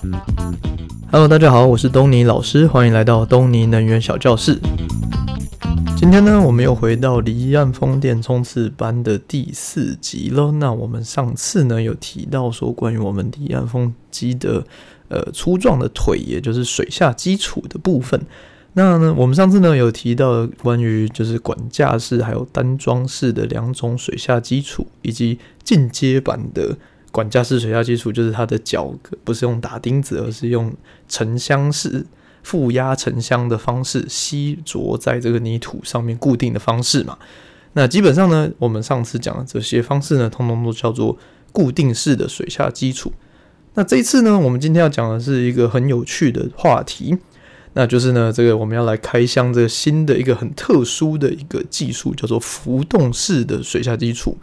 Hello，大家好，我是東尼老師，歡迎來到東尼能源小教室。今天呢，我們又回到離岸風電衝刺班的第四集了。那我們上次呢有提到說，關於我們離岸風機的呃粗壯的腿，也就是水下基礎的部分。那呢我們上次呢有提到關於就是管架式還有單樁式的兩種水下基礎，以及進階版的。管架式水下基礎就是它的腳不是用打釘子，而是用沉箱式負壓沉箱的方式吸着在這個泥土上面固定的方式嘛。那基本上呢，我們上次講的這些方式呢，通通都叫做固定式的水下基礎。那這一次呢，我們今天要講的是一個很有趣的話題，那就是呢，這個我們要來開箱這個新的一個很特殊的一個技術，叫做浮動式的水下基礎。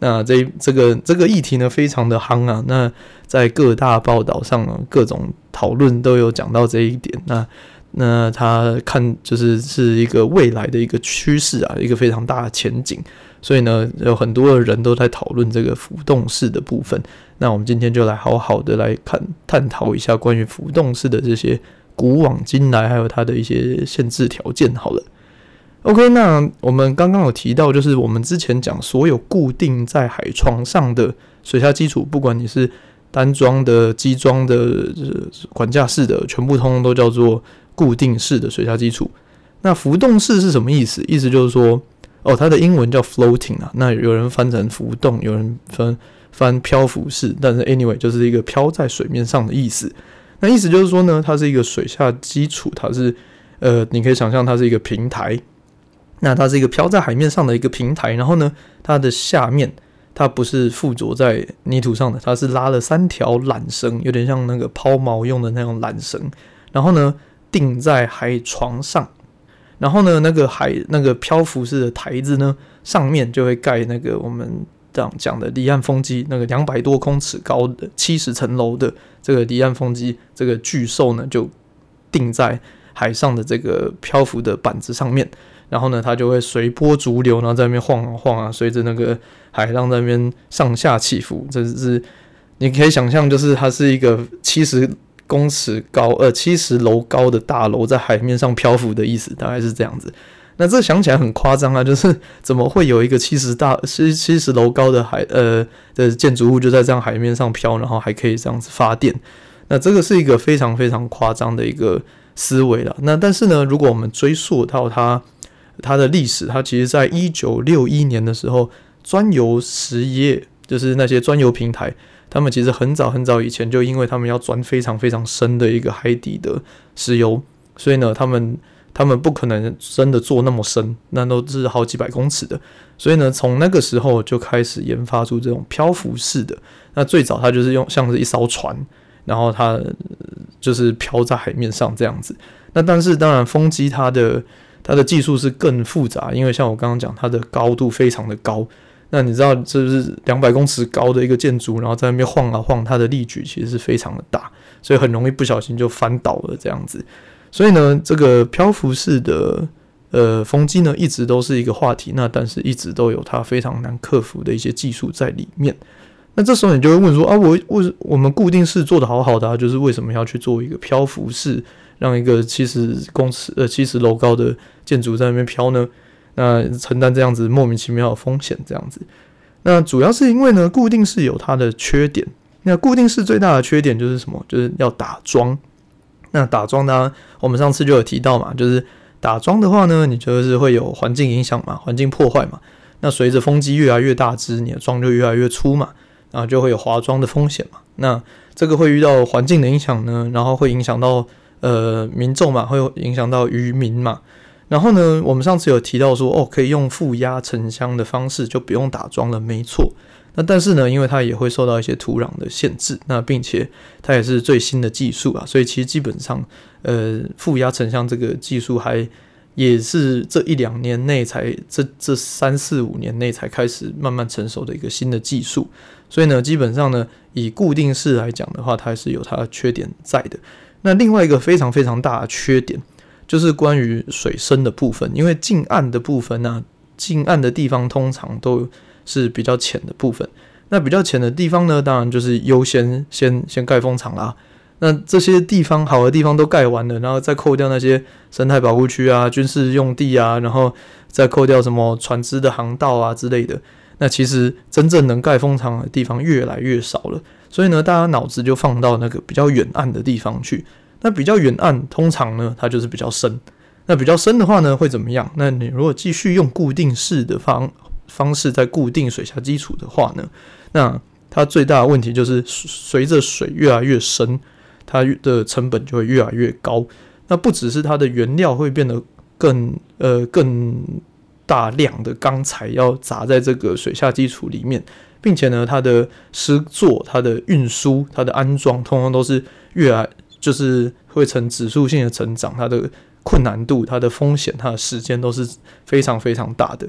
那這這個這個議題呢，非常的夯啊。那在各大報道上，各種討論都有講到這一點。那那他看就是是一個未來的一個趨勢啊，一個非常大的前景。所以呢，有很多的人都在討論這個浮動式的部分。那我們今天就來好好的來看，探討一下關於浮動式的這些古往今來，還有它的一些限制條件。好了。OK，那我們剛剛有提到，就是我們之前講所有固定在海床上的水下基礎，不管你是單樁的、基樁的、呃、管架式的，全部通通都叫做固定式的水下基礎。那浮動式是什麼意思？意思就是說，哦，它的英文叫 floating 啊。那有人翻成浮動，有人翻翻漂浮式，但是 anyway 就是一個漂在水面上的意思。那意思就是說呢，它是一個水下基礎，它是呃，你可以想象它是一個平台。那它是一個漂在海面上的一個平台，然後呢，它的下面它不是附着在泥土上的，它是拉了三條纜繩，有點像那個拋錨用的那種纜繩，然後呢，定在海床上，然後呢，那個海那個漂浮式的台子呢，上面就會蓋那個我們這樣講的離岸風機，那個兩百多公尺高的七十層樓的這個離岸風機，這個巨獸呢就定在海上的這個漂浮的板子上面。然後呢，它就會隨波逐流，然後在那邊晃啊晃啊，隨着那個海浪在那邊上下起伏。這是你可以想象，就是它是一個七十公尺高呃七十樓高的大樓在海面上漂浮的意思，大概是這樣子。那這想起來很誇張啊，就是怎麼會有一個七十大七七十樓高的海呃的、就是、建築物就在這樣海面上漂，然後還可以這樣子發電。那這個是一個非常非常誇張的一個思維了。那但是呢，如果我們追溯到它。它的歷史，它其實在一九六一年的時候，鑽油實業就是那些鑽油平台，他們其實很早很早以前就，因為他們要鑽非常非常深的一個海底的石油，所以呢，他們他們不可能真的做那麼深，那都是好幾百公尺的，所以呢，從那個時候就開始研發出這種漂浮式的。那最早它就是用像是一艘船，然後它就是漂在海面上這樣子。那但是當然，風機它的。它的技術是更複雜，因為像我剛剛講，它的高度非常的高。那你知道這是兩百公尺高的一個建築，然後在那邊晃啊晃，它的力矩其實是非常的大，所以很容易不小心就翻倒了這樣子。所以呢，這個漂浮式的呃風機呢，一直都是一個話題。那但是一直都有它非常難克服的一些技術在裡面。那這時候你就會問說啊，我為什我，我們固定式做得好好的啊，就是為什麼要去做一個漂浮式？讓一個七十公尺呃七十樓高的建築在那邊飄呢？那承擔這樣子莫名其妙的風險，這樣子，那主要是因為呢，固定式有它的缺點。那固定式最大的缺點就是什麼？就是要打樁。那打樁呢、啊，我們上次就有提到嘛，就是打樁的話呢，你就是會有環境影響嘛，環境破壞嘛。那隨着風機越來越大支，你的樁就越來越粗嘛，然後就會有滑樁的風險嘛。那這個會遇到環境的影響呢，然後會影響到。呃，民眾嘛，會影響到漁民嘛。然後呢，我們上次有提到說，哦，可以用負壓沉箱的方式，就不用打樁了，沒錯。那但是呢，因為它也會受到一些土壤的限制，那並且它也是最新的技術啊，所以其實基本上，呃，負壓沉箱這個技術還也是這一兩年內才，這這三四五年內才開始慢慢成熟的一個新的技術。所以呢，基本上呢，以固定式來講的話，它還是有它的缺點在的。那另外一個非常非常大的缺點，就是關於水深的部分。因為近岸的部分呢、啊，近岸的地方通常都是比較淺的部分。那比較淺的地方呢，當然就是優先先先蓋風場啦。那這些地方好的地方都蓋完了，然後再扣掉那些生態保護區啊、軍事用地啊，然後再扣掉什麼船隻的航道啊之類的。那其實真正能蓋風場的地方越來越少了。所以呢，大家腦子就放到那個比較遠岸的地方去。那比較遠岸，通常呢，它就是比較深。那比較深的話呢，會怎麼樣？那你如果繼續用固定式的方方式在固定水下基礎的話呢，那它最大的問題就是，隨着水越來越深，它的成本就會越來越高。那不只是它的原料會變得更呃更大量的鋼材要砸在這個水下基礎裡面。並且呢，它的施作、它的運輸、它的安裝，通常都是越來就是會呈指數性的成長。它的困難度、它的風險、它的時間都是非常非常大的。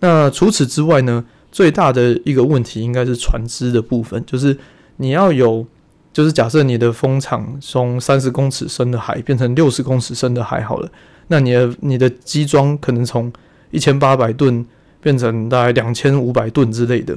那除此之外呢，最大的一個問題應該是船只的部分，就是你要有，就是假設你的風場從三十公尺深的海變成六十公尺深的海好了，那你的你的機裝可能從一千八百噸變成大概兩千五百噸之類的。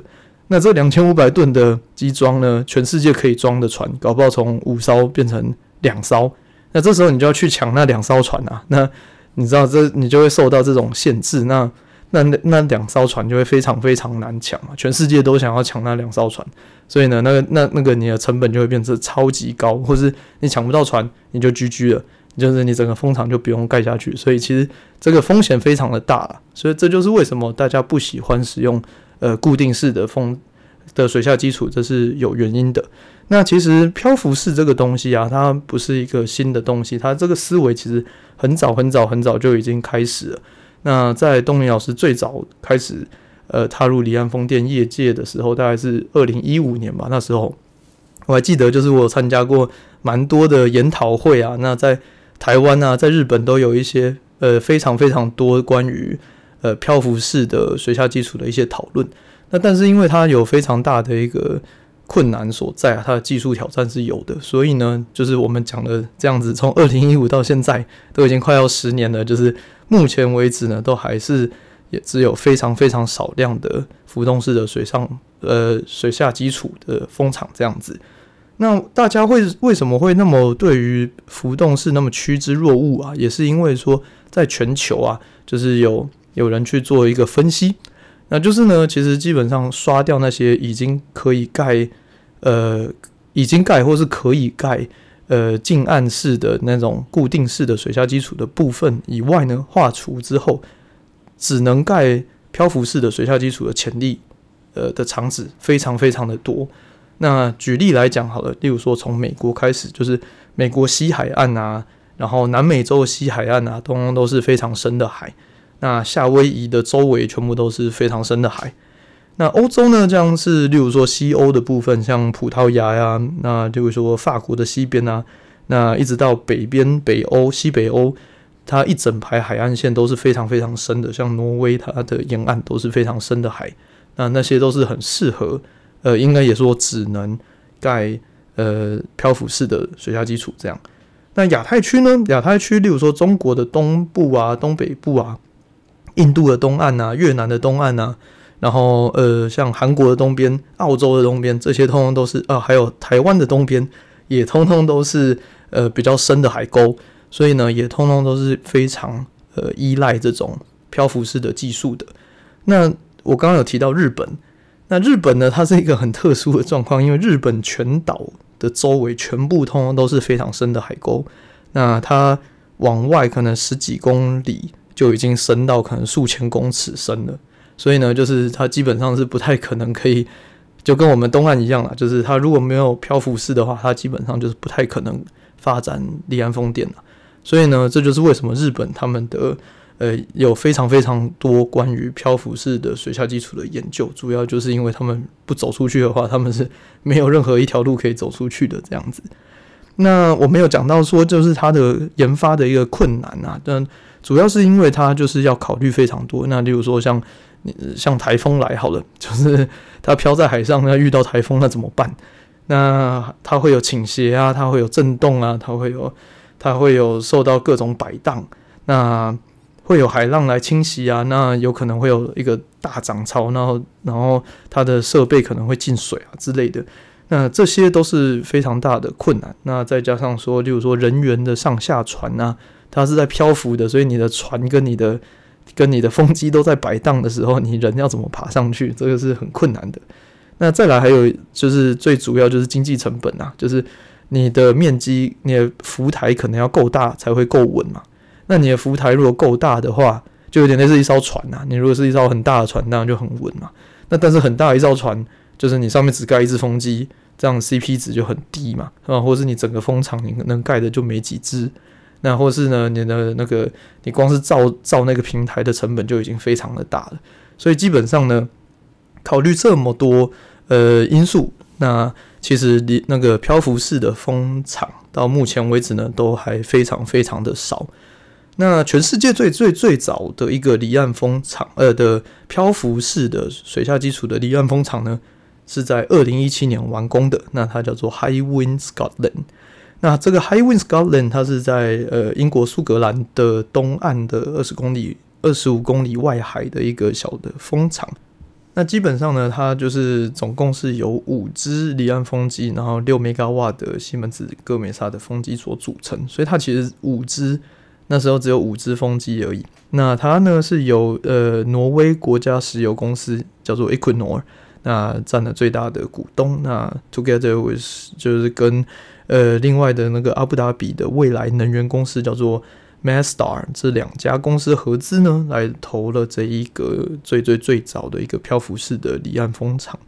那這兩千五百噸的機裝呢？全世界可以裝的船，搞不好從五艘變成兩艘。那這時候你就要去搶那兩艘船啊！那你知道這你就會受到這種限制。那那那兩艘船就會非常非常難搶啊！全世界都想要搶那兩艘船，所以呢、那個，那個那那個你的成本就會變成超級高，或是你搶不到船，你就 GG 了，就是你整個風場就不用蓋下去。所以其實這個風險非常的大，啊、所以這就是為什麼大家不喜歡使用。呃，固定式的風的水下基礎，這是有原因的。那其實漂浮式這個東西啊，它不是一個新的東西，它這個思維其實很早很早很早就已經開始了。那在東尼老師最早開始呃踏入離岸風電業界的時候，大概是二零一五年吧。那時候我還記得，就是我參加過蠻多的研討會啊。那在台灣啊，在日本都有一些呃非常非常多關於。呃，漂浮式的水下基礎的一些討論，那但是因為它有非常大的一個困難所在啊，它的技術挑戰是有的，所以呢，就是我們講的這樣子，從二零一五到現在都已經快要十年了，就是目前為止呢，都還是也只有非常非常少量的浮動式的水上呃水下基礎的風場這樣子。那大家會為什麼會那麼對於浮動式那麼趨之若鶩啊？也是因為說在全球啊，就是有有人去做一個分析，那就是呢，其實基本上刷掉那些已經可以蓋，呃，已經蓋或是可以蓋，呃，近岸式的那種固定式的水下基礎的部分以外呢，劃除之後，只能蓋漂浮式的水下基礎的潛力，呃的場址非常非常的多。那舉例來講，好了，例如說從美國開始，就是美國西海岸啊，然後南美洲西海岸啊，通通都是非常深的海。那夏威夷的周圍全部都是非常深的海。那歐洲呢，這樣是例如說西歐的部分，像葡萄牙呀、啊，那就是說法國的西邊啊，那一直到北邊北歐、西北歐，它一整排海岸線都是非常非常深的，像挪威它的沿岸都是非常深的海。那那些都是很適合，呃，應該也說只能蓋呃漂浮式的水下基礎這樣。那亞太區呢？亞太區例如說中國的東部啊、東北部啊。印度的東岸吶、啊，越南的東岸吶、啊，然後呃，像韓國的東邊、澳洲的東邊，這些通通都是啊、呃，還有台灣的東邊，也通通都是呃比較深的海溝，所以呢，也通通都是非常呃依賴這種漂浮式的技術的。那我剛剛有提到日本，那日本呢，它是一個很特殊的狀況，因為日本全島的周圍全部通通都是非常深的海溝，那它往外可能十幾公里。就已經深到可能數千公尺深了，所以呢，就是它基本上是不太可能可以，就跟我們東岸一樣啦，就是它如果沒有漂浮式的話，它基本上就是不太可能發展離岸風電了。所以呢，這就是為什麼日本他們的呃有非常非常多關於漂浮式的水下基礎的研究，主要就是因為他們不走出去的話，他們是沒有任何一條路可以走出去的這樣子。那我沒有講到說，就是它的研發的一個困難啊，但。主要是因為它就是要考慮非常多。那例如說像，呃，像台風來好了，就是它飄在海上，那遇到台風那怎麼辦？那它會有傾斜啊，它會有震動啊，它會有它會有受到各種擺盪，那會有海浪來侵襲啊，那有可能會有一個大漲潮，然後然後它的設備可能會進水啊之類的。那這些都是非常大的困難。那再加上說，例如說人員的上下船啊。它是在漂浮的，所以你的船跟你的跟你的風機都在擺盪的時候，你人要怎麼爬上去？這個是很困難的。那再來還有就是最主要就是經濟成本啊，就是你的面積，你的浮台可能要夠大才會夠穩嘛。那你的浮台如果夠大的話，就有點類似一艘船吶、啊。你如果是一艘很大的船，那樣就很穩嘛。那但是很大一艘船，就是你上面只蓋一只風機，這樣 CP 值就很低嘛啊，或是你整個風場你能蓋的就沒幾只。那或是呢，你的那個，你光是造造那個平台的成本就已經非常的大了，所以基本上呢，考慮這麼多呃因素，那其實離那個漂浮式的風場到目前為止呢，都還非常非常的少。那全世界最最最早的一個離岸風場，呃的漂浮式的水下基礎的離岸風場呢，是在二零一七年完工的，那它叫做 High Wind Scotland。那這個 High Wind Scotland 它是在呃英國蘇格蘭的東岸的二十公里、二十五公里外海的一個小的風場。那基本上呢，它就是總共是由五隻離岸風機，然後六兆瓦的西門子歌美颯的風機所組成。所以它其實五隻，那時候只有五隻風機而已。那它呢是由呃挪威國家石油公司叫做 Equinor。那佔了最大的股東，那 together with 就是跟呃另外的那個阿布達比的未來能源公司叫做 Masdar，這兩家公司合資呢來投了這一個最最最早的一個漂浮式的離岸風場。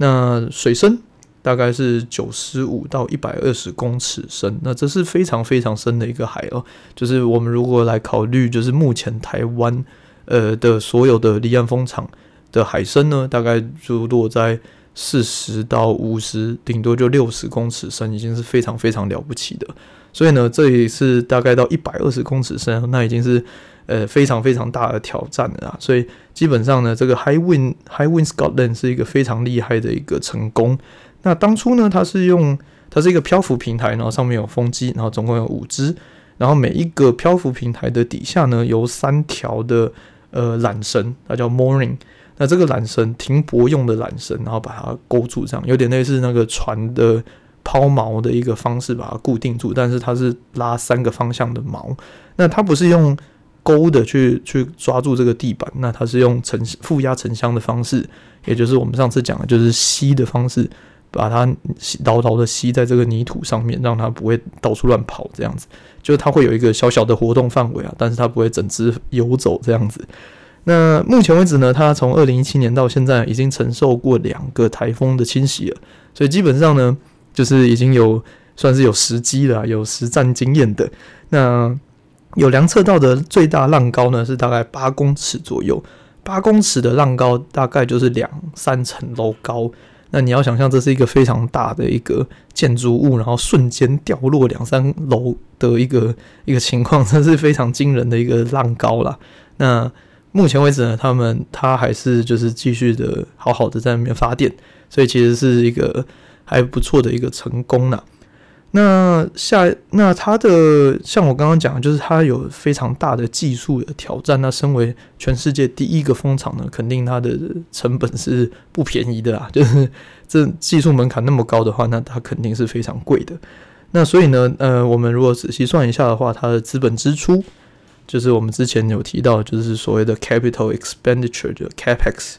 那水深大概是九十五到一百二十公尺深，那這是非常非常深的一個海哦、喔。就是我們如果來考慮，就是目前台灣呃的所有的離岸風場的海深呢，大概就落在四十到五十，頂多就六十公尺深，已經是非常非常了不起的。所以呢，這裡是大概到一百二十公尺深，那已經是呃非常非常大的挑戰了啊。所以基本上呢，這個 High Wind High Wind Scotland 是一個非常厲害的一個成功。那當初呢，它是用它是一個漂浮平台，然後上面有風機，然後總共有五隻，然後每一個漂浮平台的底下呢，有三條的呃纜繩，它叫 Mooring。那這個纜繩，停泊用的纜繩，然後把它勾住，這樣有點類似那個船的拋錨的一個方式，把它固定住。但是它是拉三個方向的錨。那它不是用勾的去去抓住這個地板，那它是用沉負壓沉箱的方式，也就是我們上次講的，就是吸的方式，把它牢牢的吸在這個泥土上面，讓它不會到處亂跑。這樣子，就是它會有一個小小的活動範圍啊，但是它不會整隻游走這樣子。那目前為止呢，它從二零一七年到現在已經承受過兩個颱風的侵襲了，所以基本上呢，就是已經有算是有時機啦，有實戰經驗的。那有量測到的最大浪高呢，是大概八公尺左右，八公尺的浪高大概就是兩三層樓高。那你要想象，這是一個非常大的一個建築物，然後瞬間掉落兩三樓的一個一個情況，這是非常驚人的一個浪高了。那目前為止呢，他們他還是就是繼續的好好的在那邊發電，所以其實是一個還不錯的一個成功啦。那下那它的像我剛剛講，就是它有非常大的技術的挑戰。那身為全世界第一個風場呢，肯定它的成本是不便宜的啦。就是這技術門檻那麼高的話，那它肯定是非常貴的。那所以呢，呃，我們如果仔細算一下的話，它的資本支出。就是我們之前有提到，就是所謂的 capital expenditure 的 capex，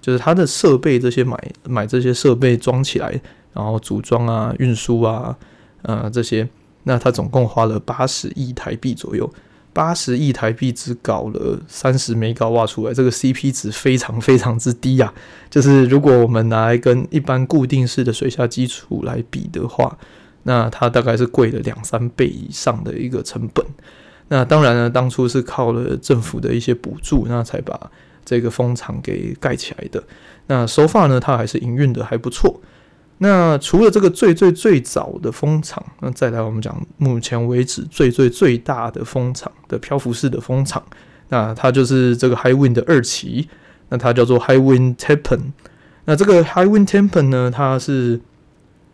就是它的設備這些買買這些設備裝起來，然後組裝啊、運輸啊、呃這些，那它總共花了八十億台幣左右，八十億台幣只搞了三十 megawatt 出來，這個 CP 值非常非常之低呀、啊。就是如果我們拿來跟一般固定式的水下基礎來比的話，那它大概是貴了兩三倍以上的一個成本。那當然呢，當初是靠了政府的一些補助，那才把這個風場給蓋起來的。那 so far 呢，它還是營運的還不錯。那除了這個最最最早的風場，那再來我們講目前為止最最最大的風場的漂浮式的風場，那它就是這個 High Wind 的二期，那它叫做 High Wind Tappen。那這個 High Wind Tappen 呢它是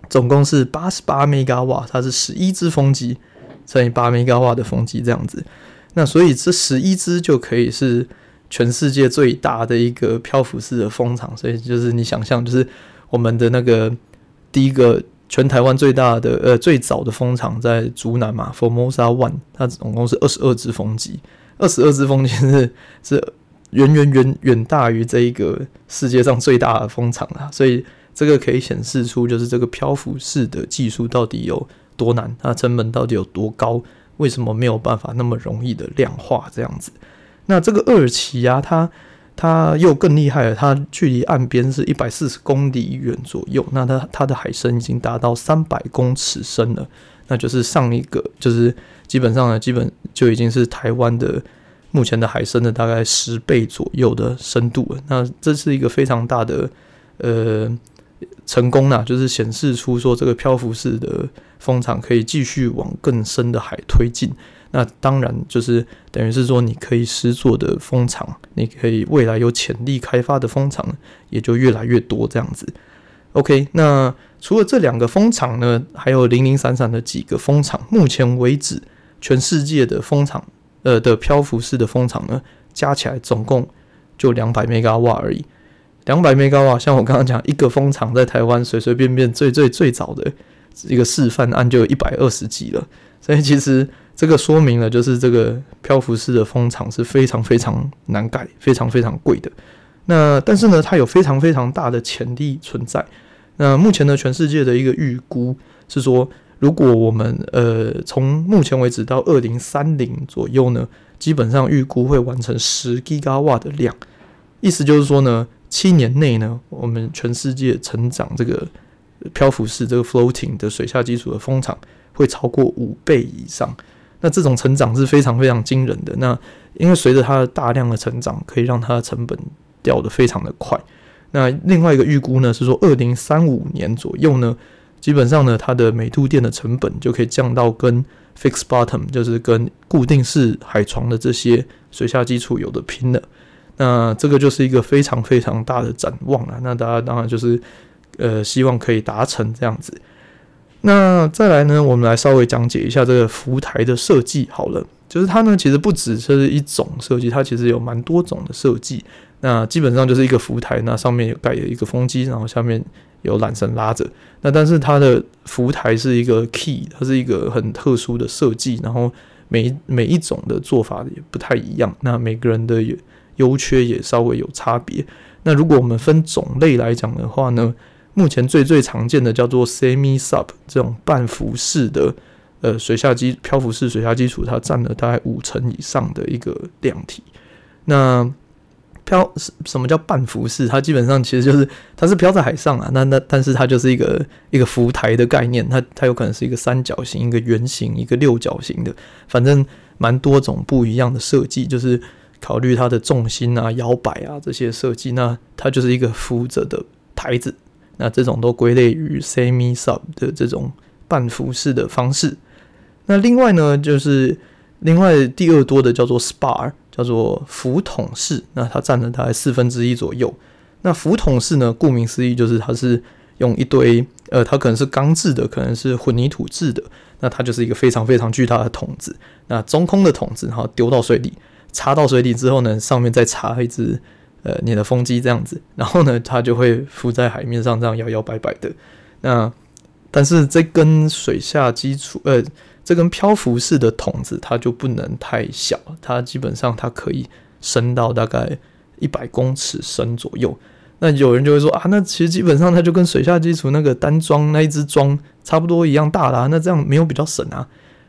總共是八十八兆瓦，它是十一隻風機。乘以八米高的風機這樣子，那所以這十一隻就可以是全世界最大的一個漂浮式的風場。所以就是你想象，就是我們的那個第一個全台灣最大的呃最早的風場在竹南嘛，Formosa One，它總共是二十二隻風機，二十二隻風機是是遠遠遠遠大於這一個世界上最大的風場啊。所以這個可以顯示出，就是這個漂浮式的技術到底有。多難？它成本到底有多高？為什麼沒有辦法那麼容易的量化？這樣子，那這個厄爾奇亞，它它又更厲害了。它距離岸邊是一百四十公里遠左右。那它它的海深已經達到三百公尺深了，那就是上一個，就是基本上呢，基本就已經是台灣的目前的海深的大概十倍左右的深度了。那這是一個非常大的，呃。成功了啊，就是顯示出說，這個漂浮式的風場可以繼續往更深的海推進。那當然就是等於是說，你可以施作的風場，你可以未來有潛力開發的風場也就越來越多這樣子。OK，那除了這兩個風場呢，還有零零散散的幾個風場。目前為止，全世界的風場，呃，的漂浮式的風場呢，加起來總共就兩百兆瓦而已。兩百兆瓦，像我剛剛講，一個風場在台灣隨隨便便最最最早的，一個示範案就有一百二十幾了。所以其實這個說明了，就是這個漂浮式的風場是非常非常難蓋、非常非常貴的。那但是呢，它有非常非常大的潛力存在。那目前呢，全世界的一個預估是說，如果我們呃從目前為止到二零三零左右呢，基本上預估會完成十 gig 瓦的量。意思就是說呢。七年內呢，我們全世界成長這個漂浮式這個 floating 的水下基礎的風場會超過五倍以上。那這種成長是非常非常驚人的。那因為隨着它的大量的成長，可以讓它的成本掉得非常的快。那另外一個預估呢是說，二零三五年左右呢，基本上呢，它的每度電的成本就可以降到跟 f i x bottom 就是跟固定式海床的這些水下基礎有的拼了。那這個就是一個非常非常大的展望了啊。那大家當然就是，呃，希望可以達成這樣子。那再來呢，我們來稍微講解一下這個浮台的設計好了。就是它呢，其實不只是一種設計，它其實有蠻多種的設計。那基本上就是一個浮台，那上面有蓋有一個風機，然後下面有纜繩拉着。那但是它的浮台是一個 key，它是一個很特殊的設計。然後每每一種的做法也不太一樣。那每個人的也。優缺也稍微有差別。那如果我們分種類來講的話呢，目前最最常見的叫做 semi sub 這種半浮式的呃，水下基，漂浮式水下基礎，它佔了大概五成以上的一個量體。那漂，什麼叫半浮式？它基本上其實就是它是漂在海上啊，那那但是它就是一個一個浮台的概念，它它有可能是一個三角形、一個圓形、一個六角形的，反正蠻多種不一樣的設計，就是。考慮它的重心啊、搖擺啊這些設計，那它就是一個浮着的台子，那這種都歸類於 semi sub 的這種半浮式的方式。那另外呢，就是另外第二多的叫做 Spar，叫做浮筒式，那它佔了大概四分之一左右。那浮筒式呢，顧名思義就是它是用一堆呃，它可能是鋼制的，可能是混凝土制的，那它就是一個非常非常巨大的桶子，那中空的桶子然後丟到水裡。插到水底之後呢，上面再插一支呃，你的風機這樣子，然後呢，它就會浮在海面上這樣搖搖擺擺擺的。那但是這根水下基礎呃，這根漂浮式的筒子，它就不能太小，它基本上它可以伸到大概一百公尺深左右。那有人就會說啊，那其實基本上它就跟水下基礎那個單樁那一支樁差不多一樣大啦，啊，那這樣沒有比較省啊。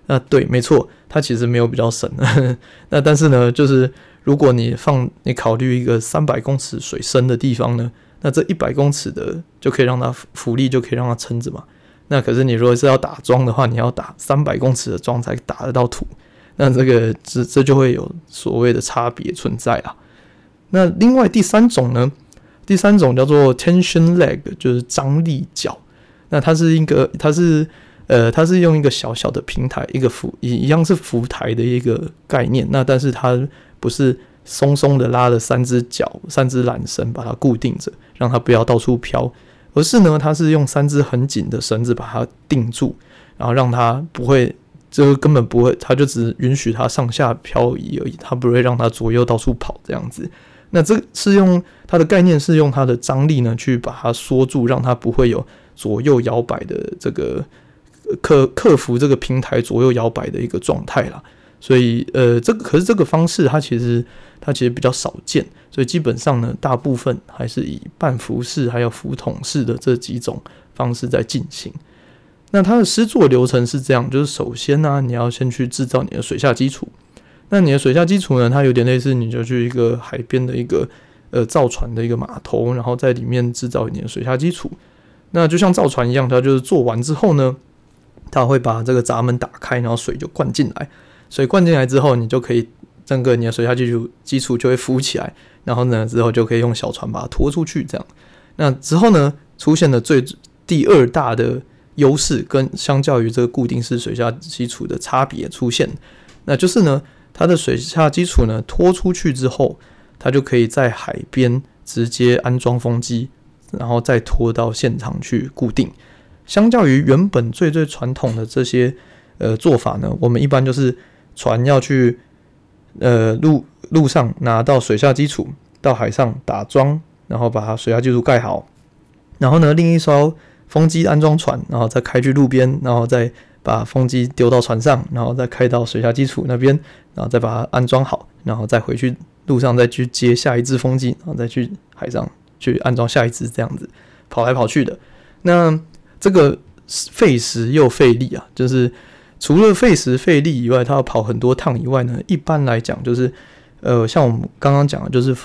那對，沒錯，它其實沒有比較深。 那但是呢，就是如果你放，你考慮一個三百公尺水深的地方呢，那這一百公尺的就可以讓它浮力，就可以讓它撐着嘛。那可是你如果是要打樁的話，你要打三百公尺的樁才打得到土。那這個這這就會有所謂的差別存在啊。那另外第三種呢，第三種叫做 tension leg，就是張力腳。那它是一個，它是。呃，它是用一個小小的平台，一個浮一一樣是浮台的一個概念。那但是它不是松松的拉着三隻腳、三隻纜繩把它固定着，讓它不要到處飄，而是呢，它是用三隻很緊的繩子把它定住，然後讓它不會就根本不會，它就只允許它上下漂移而已，它不會讓它左右到處跑這樣子。那這個是用它的概念是用它的張力呢去把它縮住，讓它不會有左右搖擺的這個。克克服這個平台左右搖擺的一個狀態啦，所以呃，這個可是這個方式，它其實它其實比較少見，所以基本上呢，大部分還是以半浮式還有浮筒式的這幾種方式在進行。那它的施作流程是這樣，就是首先呢，啊，你要先去製造你的水下基礎。那你的水下基礎呢，它有點類似，你就去一個海邊的一個呃造船的一個碼頭，然後在裡面製造你的水下基礎。那就像造船一樣，它就是做完之後呢。它會把這個閘門打開，然後水就灌進來。水灌進來之後，你就可以整個你的水下基礎基礎就會浮起來。然後呢，之後就可以用小船把它拖出去。這樣，那之後呢，出現的最第二大的優勢跟相較於這個固定式水下基礎的差別出現，那就是呢，它的水下基礎呢拖出去之後，它就可以在海邊直接安裝風機，然後再拖到現場去固定。相較於原本最最傳統的這些呃做法呢，我們一般就是船要去呃陸陸上拿到水下基礎，到海上打樁，然後把它水下基礎蓋好，然後呢另一艘風機安裝船，然後再開去路邊，然後再把風機丟到船上，然後再開到水下基礎那邊，然後再把它安裝好，然後再回去路上再去接下一隻風機，然後再去海上去安裝下一隻這樣子跑來跑去的那。這個費時又費力啊，就是除了費時費力以外，他要跑很多趟以外呢，一般來講就是，呃，像我們剛剛講的，就是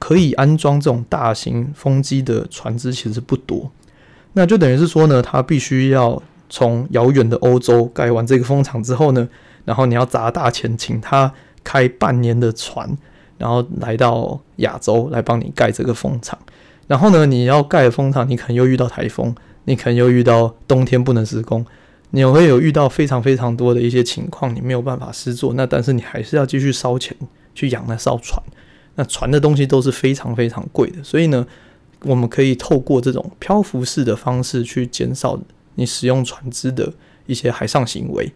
可以安裝這種大型風機的船隻其實不多,那就等於是說呢,他必須要從遙遠的歐洲蓋完這個風場之後呢,然後你要砸大錢請他開半年的船,然後來到亞洲來幫你蓋這個風場。然後呢，你要蓋風場，你可能又遇到颱風，你可能又遇到冬天不能施工，你有會有遇到非常非常多的一些情況，你沒有辦法施作。那但是你還是要繼續燒錢去養那艘船，那船的東西都是非常非常貴的。所以呢，我們可以透過這種漂浮式的方式去減少你使用船只的一些海上行為，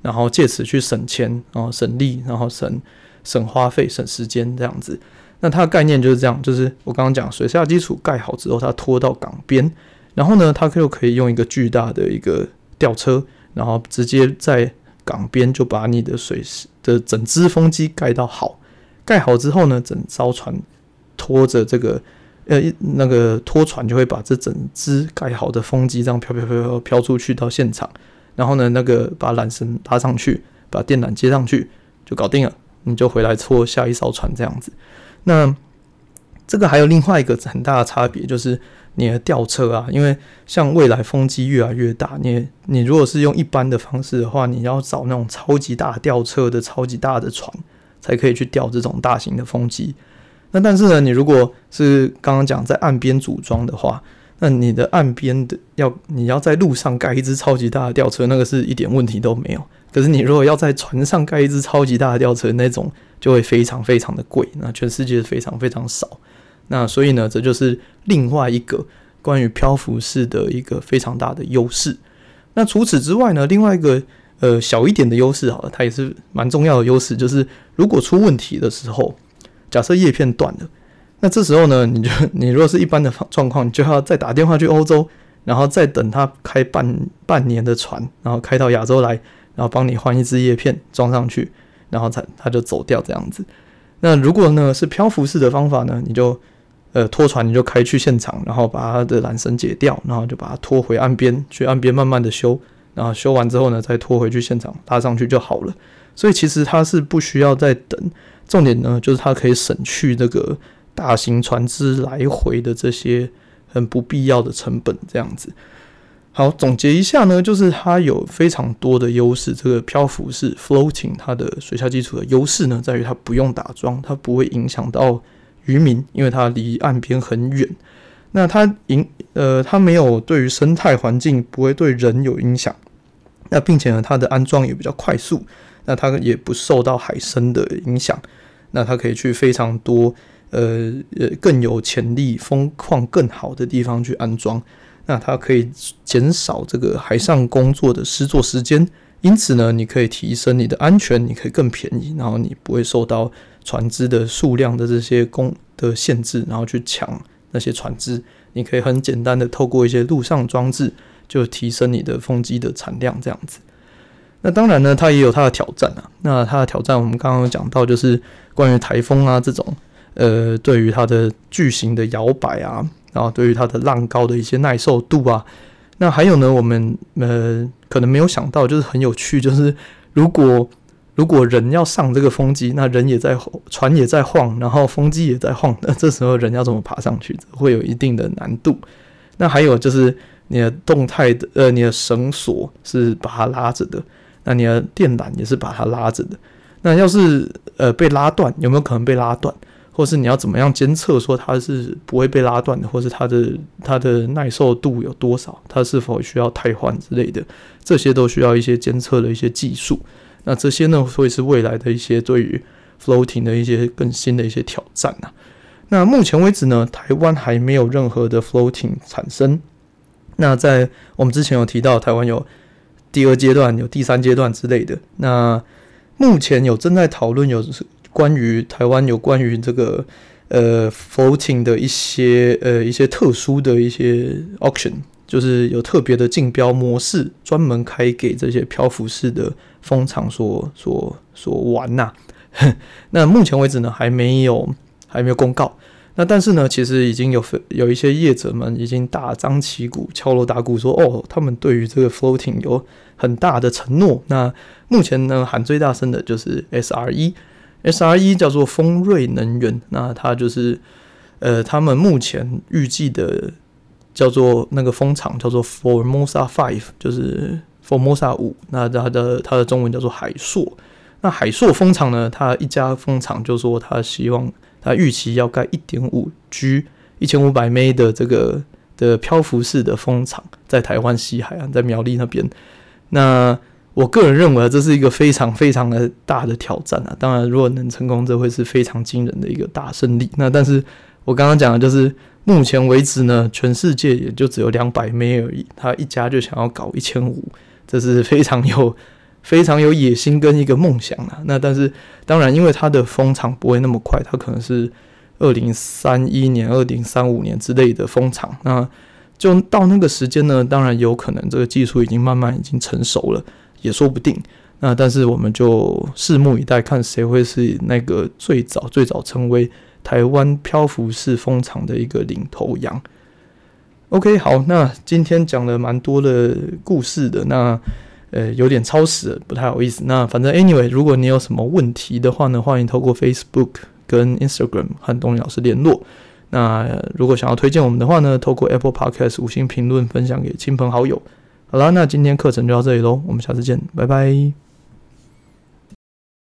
然後借此去省錢，然後省力，然後省省花費、省時間這樣子。那它的概念就是這樣，就是我剛剛講水下基礎蓋好之後，它拖到港邊，然後呢，它就可以用一個巨大的一個吊車，然後直接在港邊就把你的水的整只風機蓋到好，蓋好之後呢，整艘船拖着這個呃那個拖船就會把這整只蓋好的風機這樣飄飄飄飄飄出去到現場，然後呢，那個把纜繩拉上去，把電纜接上去就搞定了，你就回來拖下一艘船這樣子。那這個還有另外一個很大的差別，就是你的吊車啊，因為像未來風機越來越大，你你如果是用一般的方式的話，你要找那種超級大吊車的超級大的船，才可以去吊這種大型的風機。那但是呢，你如果是剛剛講在岸邊組裝的話，那你的岸邊的要你要在路上蓋一支超級大的吊車，那個是一點問題都沒有。可是你如果要在船上蓋一隻超級大的吊車，那種就會非常非常的貴，那全世界非常非常少。那所以呢，這就是另外一個關於漂浮式的一個非常大的優勢。那除此之外呢，另外一個呃小一點的優勢，好了，它也是蠻重要的優勢，就是如果出問題的時候，假設葉片斷了，那這時候呢，你就你如果是一般的狀況，你就要再打電話去歐洲，然後再等他開半半年的船，然後開到亞洲來。然後幫你換一支葉片裝上去，然後它它就走掉這樣子。那如果呢是漂浮式的方法呢，你就呃拖船，你就開去現場，然後把它的纜繩解掉，然後就把它拖回岸邊去，岸邊慢慢的修，然後修完之後呢再拖回去現場搭上去就好了。所以其實它是不需要再等，重點呢就是它可以省去這個大型船隻來回的這些很不必要的成本這樣子。好，總結一下呢，就是它有非常多的優勢。這個漂浮式 floating 它的水下基礎的優勢呢，在於它不用打樁，它不會影響到漁民，因為它離岸邊很遠。那它影呃，它沒有對於生態環境不會對人有影響。那並且呢，它的安裝也比較快速。那它也不受到海深的影響。那它可以去非常多呃呃更有潛力風況更好的地方去安裝。那它可以減少這個海上工作的施作時間，因此呢，你可以提升你的安全，你可以更便宜，然後你不會受到船隻的數量的這些工的限制，然後去搶那些船隻，你可以很簡單的透過一些陸上裝置就提升你的風機的產量，這樣子。那當然呢，它也有它的挑戰啊。那它的挑戰，我們剛剛有講到，就是關於颱風啊這種，呃，對於它的巨型的搖擺啊。然後對於它的浪高的一些耐受度啊，那還有呢，我們呃可能沒有想到，就是很有趣，就是如果如果人要上這個風機，那人也在晃，船也在晃，然後風機也在晃，那這時候人要怎麼爬上去，會有一定的難度。那還有就是你的動態的呃，你的繩索是把它拉着的，那你的電纜也是把它拉着的，那要是呃被拉斷，有沒有可能被拉斷？或是你要怎麼樣監測說它是不會被拉斷的，或是它的它的耐受度有多少，它是否需要替換之類的，這些都需要一些監測的一些技術。那這些呢，會是未來的一些對於 floating 的一些更新的一些挑戰啊。那目前為止呢，台灣還沒有任何的 floating 產生。那在我們之前有提到，台灣有第二階段、有第三階段之類的。那目前有正在討論有。關於台灣有關於這個呃 floating 的一些呃一些特殊的一些 auction，就是有特別的競標模式，專門開給這些漂浮式的風場所所所玩吶、啊。 那目前為止呢，還沒有還沒有公告。那但是呢，其實已經有有一些業者們已經大張旗鼓敲鑼打鼓說，哦，他們對於這個 floating 有很大的承諾。那目前呢，喊最大聲的就是 SRE SRE 叫做豐瑞能源，那它就是，呃，他們目前預計的叫做那個風場，叫做 Formosa Five，就是 Formosa 五，那它的它的中文叫做海碩。那海碩風場呢，它一家風場就說它希望它預期要蓋一點五 G 一千五百 MW 的這個的、這個、漂浮式的風場，在台灣西海岸，啊，在苗栗那邊。那我個人認為這是一個非常非常的大的挑戰啊！當然，如果能成功，這會是非常驚人的一個大勝利。那但是，我剛剛講的就是，目前為止呢，全世界也就只有兩百枚而已。他一家就想要搞一千五，這是非常有非常有野心跟一個夢想啊。那但是，當然，因為它的風場不會那麼快，它可能是二零三一年、二零三五年之類的風場。那就到那個時間呢，當然有可能這個技術已經慢慢已經成熟了。也說不定。那但是我們就拭目以待，看誰會是那個最早最早成為台灣漂浮式風場的一個領頭羊。OK，好，那今天講了蠻多的故事的，那呃有點超時，不太好意思。那反正 anyway，如果你有什麼問題的話呢，歡迎透過 Facebook 跟 Instagram 和東尼老師聯絡。那、呃、如果想要推薦我們的話呢，透過 Apple Podcast 五星評論分享給親朋好友。好啦，那今天課程就到這裡嘍，我們下次見，拜拜。